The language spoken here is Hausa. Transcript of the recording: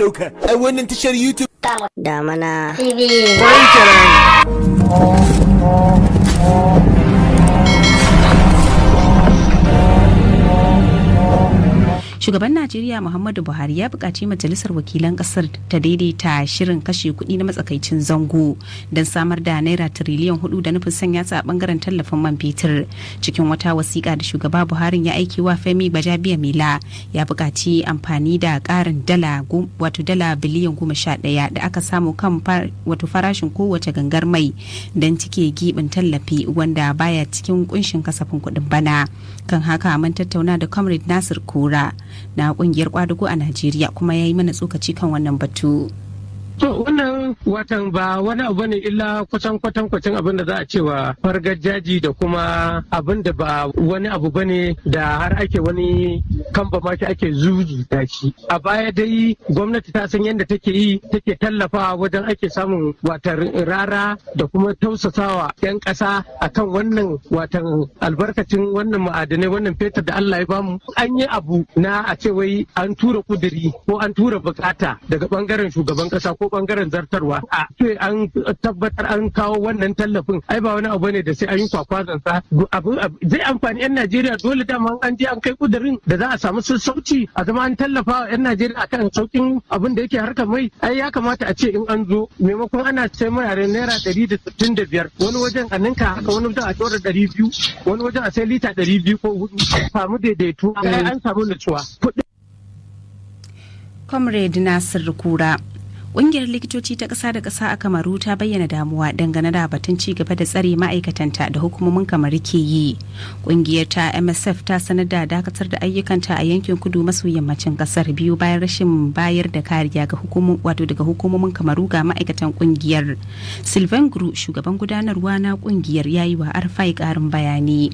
ɗauka a wannan tashar YouTube. Damana. TV. shugaban najeriya muhammadu buhari ya bukaci majalisar wakilan ƙasar ta daidaita shirin kashe kuɗi na matsakaicin zango don samar da naira tiriliyan hudu da nufin sanya su a bangaren tallafin man fetur cikin wata wasiƙa da shugaba buhari ya aiki wa femi gbajabiya mila ya bukaci amfani da ƙarin dala wato dala biliyan goma sha ɗaya da aka samu kan wato farashin kowace gangar mai don cike giɓin tallafi wanda baya cikin kunshin kasafin kuɗin bana kan haka mun tattauna da comrade nasir kura na kungiyar kwadugo a najeriya kuma ya yi mana tsokaci kan wannan batu wannan watan ba wani abu ne illa kwatan kwatan kwatan abin da za a cewa fargar jaji da kuma abin da ba wani abu bane da har ake wani kan ma shi ake zuji da shi a baya dai gwamnati ta san yadda take yi take tallafawa wajen ake samun watan rara da kuma tausasawa 'yan kasa akan wannan watan albarkacin wannan ma'adanai wannan fetur da Allah ya bamu an yi abu na a ce wai an tura kuduri ko an tura bukata daga bangaren shugaban ƙasa ko bangaren zartar aiwatarwa a sai an tabbatar an kawo wannan tallafin ai ba wani abu ne da sai an yi kwakwazon sa abu zai amfani yan Najeriya dole da dama an je an kai kudirin da za a samu sassauci a zama an tallafa yan Najeriya akan saukin abin da yake harkar mai ai ya kamata a ce in an zo maimakon ana sai mayare naira ɗari da sittin da biyar wani wajen a ninka haka wani wajen a tsora ɗari biyu wani wajen a sai lita ɗari biyu ko hudu samu daidaito an samu nutsuwa. Comrade Nasir Kura Ƙungiyar likitoci ta ƙasa da ƙasa a Kamaru ta bayyana damuwa dangane da batun ci gaba da tsare ma'aikatanta da hukumomin kamar ke yi. Ƙungiyar ta MSF ta sanar da dakatar da ayyukanta a yankin kudu maso yammacin ƙasar biyu bayan rashin bayar da kariya ga hukumomin wato daga hukumomin Kamaru ga ma'aikatan ƙungiyar. Sylvain Gru shugaban gudanarwa na ƙungiyar yi wa Arfai ƙarin bayani.